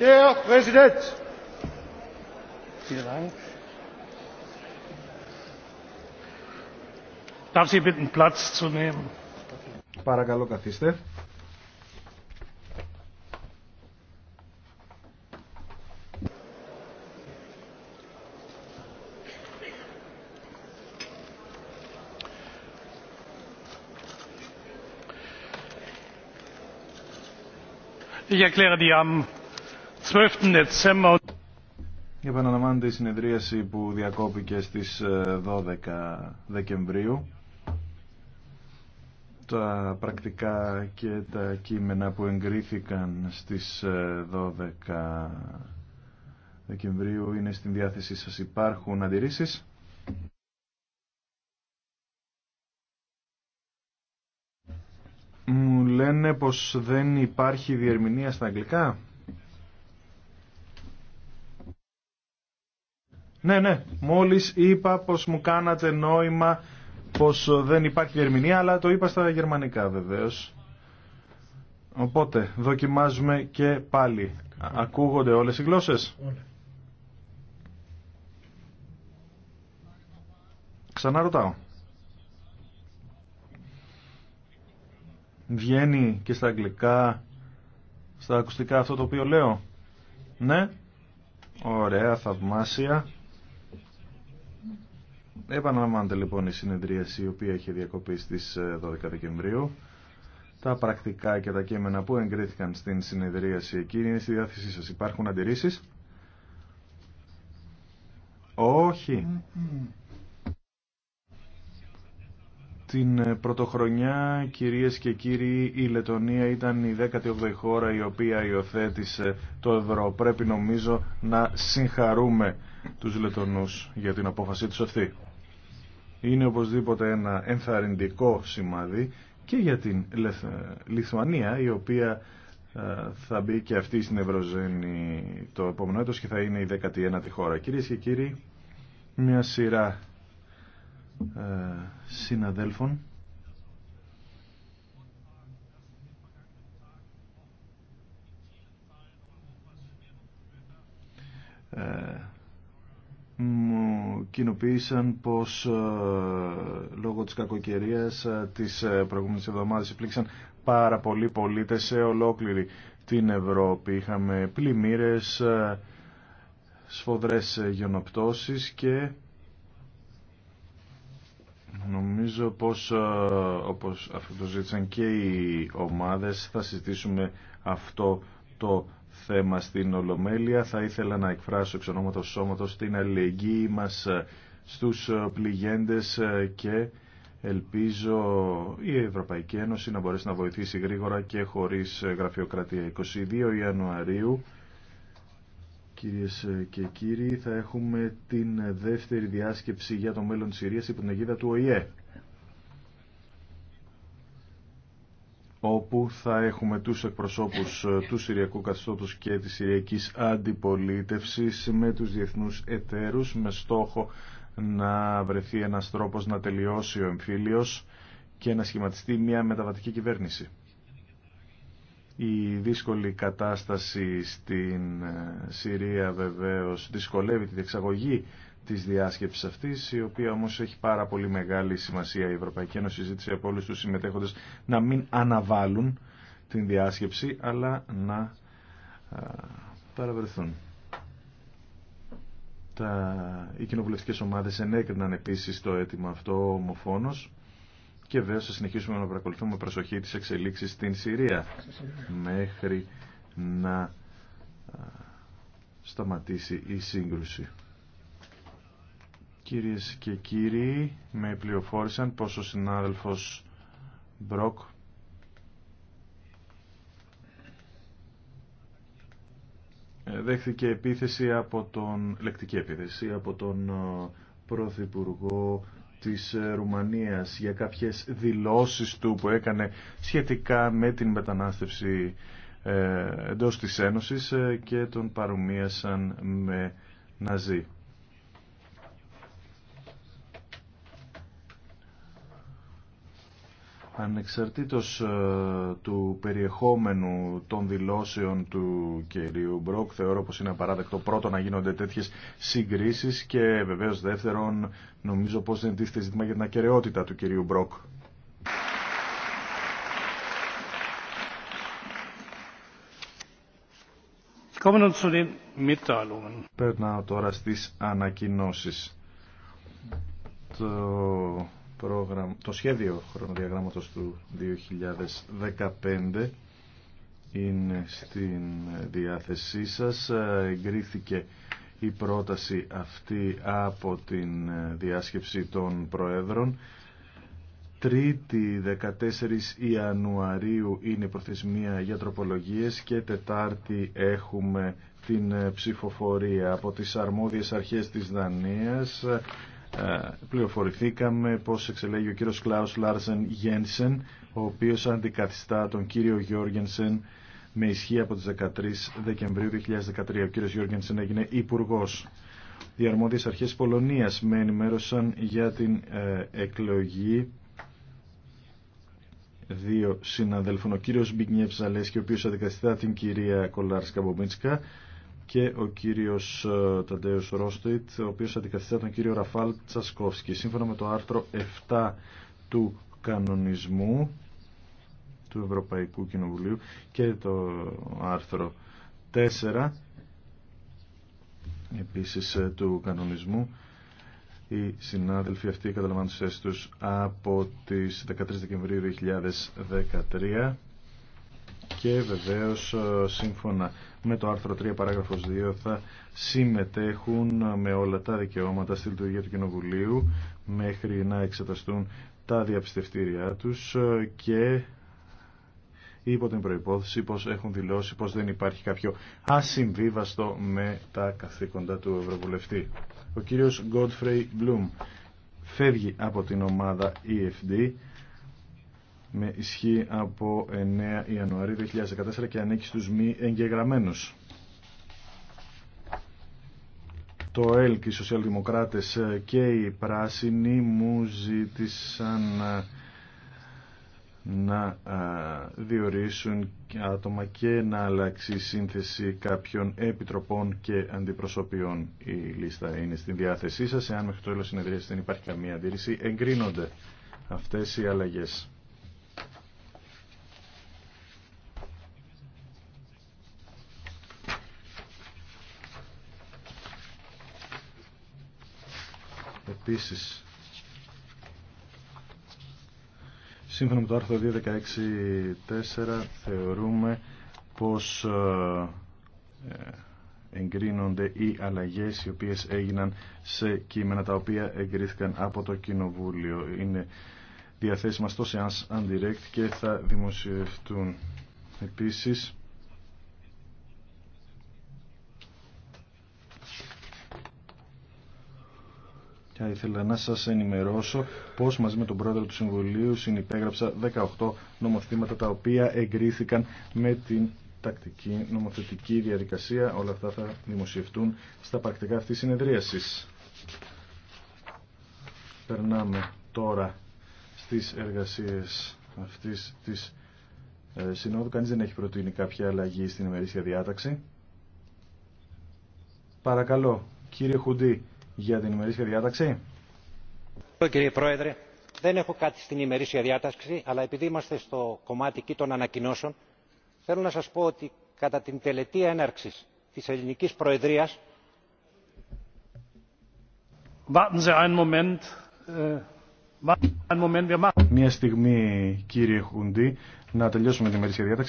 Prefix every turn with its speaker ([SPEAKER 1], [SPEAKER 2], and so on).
[SPEAKER 1] Herr Präsident! Vielen Dank. Darf Sie bitten, Platz zu nehmen. Παρακαλώ καθίστε. Ich erkläre die am. Επαναλαμβάνεται η συνεδρίαση που διακόπηκε στις 12 ε, Δεκεμβρίου. Τα πρακτικά και τα κείμενα που εγκρίθηκαν στις 12 ε, Δεκεμβρίου είναι στην διάθεσή σας. Υπάρχουν αντιρρήσεις. Μου λένε πως δεν υπάρχει διερμηνία στα αγγλικά. Ναι, ναι, μόλις είπα πως μου κάνατε νόημα πως δεν υπάρχει ερμηνεία αλλά το είπα στα γερμανικά βεβαίω. Οπότε, δοκιμάζουμε και πάλι. Ακούγονται όλες οι γλώσσες. Ξαναρωτάω. Βγαίνει και στα αγγλικά, στα ακουστικά αυτό το οποίο λέω. Ναι. Ωραία, θαυμάσια. Επαναλαμβάνεται λοιπόν η συνεδρίαση η οποία είχε διακοπεί στις 12 ε, Δεκεμβρίου. Τα πρακτικά και τα κείμενα που εγκρίθηκαν στην συνεδρίαση εκείνη είναι στη διάθεσή σας. Υπάρχουν αντιρρήσεις. Όχι. Την ε, πρωτοχρονιά, κυρίες και κύριοι, η Λετωνία ήταν η 18η χώρα η οποία υιοθέτησε το ευρώ. Πρέπει νομίζω να συγχαρούμε τους Λετωνούς για την απόφασή τους αυτή είναι οπωσδήποτε ένα ενθαρρυντικό σημάδι και για την Λιθουανία η οποία ε, θα μπει και αυτή στην Ευρωζώνη το επόμενο έτος και θα είναι η 19η χώρα. Κυρίες και κύριοι, μια σειρά ε, συναδέλφων ε, κοινοποίησαν πως ε, λόγω της κακοκαιρίας ε, της ε, προηγούμενης εβδομάδας υπλήξαν πάρα πολλοί πολίτες σε ολόκληρη την Ευρώπη. Είχαμε πλημμύρες, σφοδρές γενοπτώσεις και νομίζω πως όπως αυτό ζήτησαν και οι ομάδες θα συζητήσουμε αυτό το θέμα στην Ολομέλεια. Θα ήθελα να εκφράσω εξ ονόματος σώματος την αλληλεγγύη μας στους πληγέντες και ελπίζω η Ευρωπαϊκή Ένωση να μπορέσει να βοηθήσει γρήγορα και χωρίς γραφειοκρατία. 22 Ιανουαρίου, κυρίες και κύριοι, θα έχουμε την δεύτερη διάσκεψη για το μέλλον της Συρίας υπό την αιγίδα του ΟΗΕ. όπου θα έχουμε τους εκπροσώπους ε, του Συριακού Καθεστώτος και της Συριακής Αντιπολίτευσης με τους διεθνούς εταίρους με στόχο να βρεθεί ένας τρόπος να τελειώσει ο εμφύλιος και να σχηματιστεί μια μεταβατική κυβέρνηση. Η δύσκολη κατάσταση στην ε, Συρία βεβαίως δυσκολεύει τη διεξαγωγή της διάσκεψης αυτής, η οποία όμως έχει πάρα πολύ μεγάλη σημασία. Η Ευρωπαϊκή Ένωση ζήτησε από όλους τους συμμετέχοντες να μην αναβάλουν την διάσκεψη, αλλά να παραβρεθούν. Τα... Οι κοινοβουλευτικές ομάδες ενέκριναν επίσης το αίτημα αυτό ομοφόνος και βέβαια θα συνεχίσουμε να παρακολουθούμε προσοχή τις εξελίξεις στην Συρία μέχρι να σταματήσει η σύγκρουση. Κυρίες και κύριοι, με πληροφόρησαν πως ο συνάδελφος Μπροκ δέχθηκε επίθεση από τον, λεκτική επίθεση από τον ε, Πρωθυπουργό της ε, Ρουμανίας για κάποιες δηλώσεις του που έκανε σχετικά με την μετανάστευση ε, εντός της Ένωσης και τον παρομοίασαν με Ναζί. Ανεξαρτήτως ε, του περιεχόμενου των δηλώσεων του κυρίου Μπρόκ, θεωρώ πως είναι απαράδεκτο πρώτο να γίνονται τέτοιες συγκρίσεις και βεβαίως δεύτερον νομίζω πως δεν τίθεται ζήτημα για την ακαιρεότητα του κυρίου Μπρόκ. Περνάω τώρα στις ανακοινώσεις. Το πρόγραμμα, το σχέδιο χρονοδιαγράμματος του 2015 είναι στην διάθεσή σας. Εγκρίθηκε η πρόταση αυτή από την διάσκεψη των Προέδρων. Τρίτη 14 Ιανουαρίου είναι η προθεσμία για τροπολογίες και Τετάρτη έχουμε την ψηφοφορία από τις αρμόδιες αρχές της Δανίας ε, πληροφορηθήκαμε πως εξελέγει ο κύριος Κλάους Λάρσεν Γένσεν, ο οποίος αντικαθιστά τον κύριο Γιώργενσεν με ισχύ από τις 13 Δεκεμβρίου 2013. Ο κύριος Γιώργενσεν έγινε υπουργό. Οι αρμόδιες αρχές Πολωνίας με ενημέρωσαν για την ε, εκλογή δύο συναδέλφων. Ο κύριος Μπιγνιέφ Ζαλέσκη, ο οποίος αντικαθιστά την κυρία Κολάρσκα Κολάρσκα-Μπομπίνσκα, και ο κύριος ε, Ταντέος Ρόστοιτ, ο οποίος αντικαθιστά τον κύριο Ραφάλ Τσασκόφσκι. Σύμφωνα με το άρθρο 7 του κανονισμού του Ευρωπαϊκού Κοινοβουλίου και το άρθρο 4 επίσης ε, του κανονισμού οι συνάδελφοι αυτοί καταλαμβάνουν τους τους από τις 13 Δεκεμβρίου 2013 και βεβαίως ε, σύμφωνα με το άρθρο 3 παράγραφος 2 θα συμμετέχουν ε, με όλα τα δικαιώματα στη λειτουργία του Κοινοβουλίου μέχρι να εξεταστούν τα διαπιστευτήριά τους ε, και υπό την προϋπόθεση πως έχουν δηλώσει πως δεν υπάρχει κάποιο ασυμβίβαστο με τα καθήκοντα του Ευρωβουλευτή. Ο κύριος Godfrey Bloom φεύγει από την ομάδα EFD με ισχύ από 9 Ιανουαρίου 2014 και ανήκει στους μη εγγεγραμμένους. Το ΕΛΚ, οι Σοσιαλδημοκράτες και οι Πράσινοι μου ζήτησαν ε, να ε, διορίσουν άτομα και να αλλάξει σύνθεση κάποιων επιτροπών και αντιπροσωπιών. Η λίστα είναι στην διάθεσή σας. Εάν μέχρι το τέλος συνεδρίας δεν υπάρχει καμία αντίρρηση, εγκρίνονται αυτές οι αλλαγές. Επίσης, σύμφωνα με το άρθρο 2.16.4 θεωρούμε πως ε, ε, εγκρίνονται οι αλλαγές οι οποίες έγιναν σε κείμενα τα οποία εγκρίθηκαν από το Κοινοβούλιο. Είναι διαθέσιμα στο Seance Undirect και θα δημοσιευτούν. Επίσης, Θα ήθελα να σας ενημερώσω πως μαζί με τον πρόεδρο του Συμβουλίου συνυπέγραψα 18 νομοθήματα τα οποία εγκρίθηκαν με την τακτική νομοθετική διαδικασία. Όλα αυτά θα δημοσιευτούν στα πρακτικά αυτής της συνεδρίασης. Περνάμε τώρα στις εργασίες αυτής της ε, συνόδου. Κανείς δεν έχει προτείνει κάποια αλλαγή στην ημερήσια διάταξη. Παρακαλώ, κύριε Χουντή, για την ημερήσια διάταξη. Κύριε Πρόεδρε, δεν έχω κάτι στην ημερήσια διάταξη, αλλά επειδή είμαστε στο κομμάτι εκεί των ανακοινώσεων, θέλω να σας πω ότι κατά την τελετή έναρξης της ελληνικής προεδρίας... Äh, Μία στιγμή, κύριε Χούντι, να τελειώσουμε την ημερήσια διάταξη.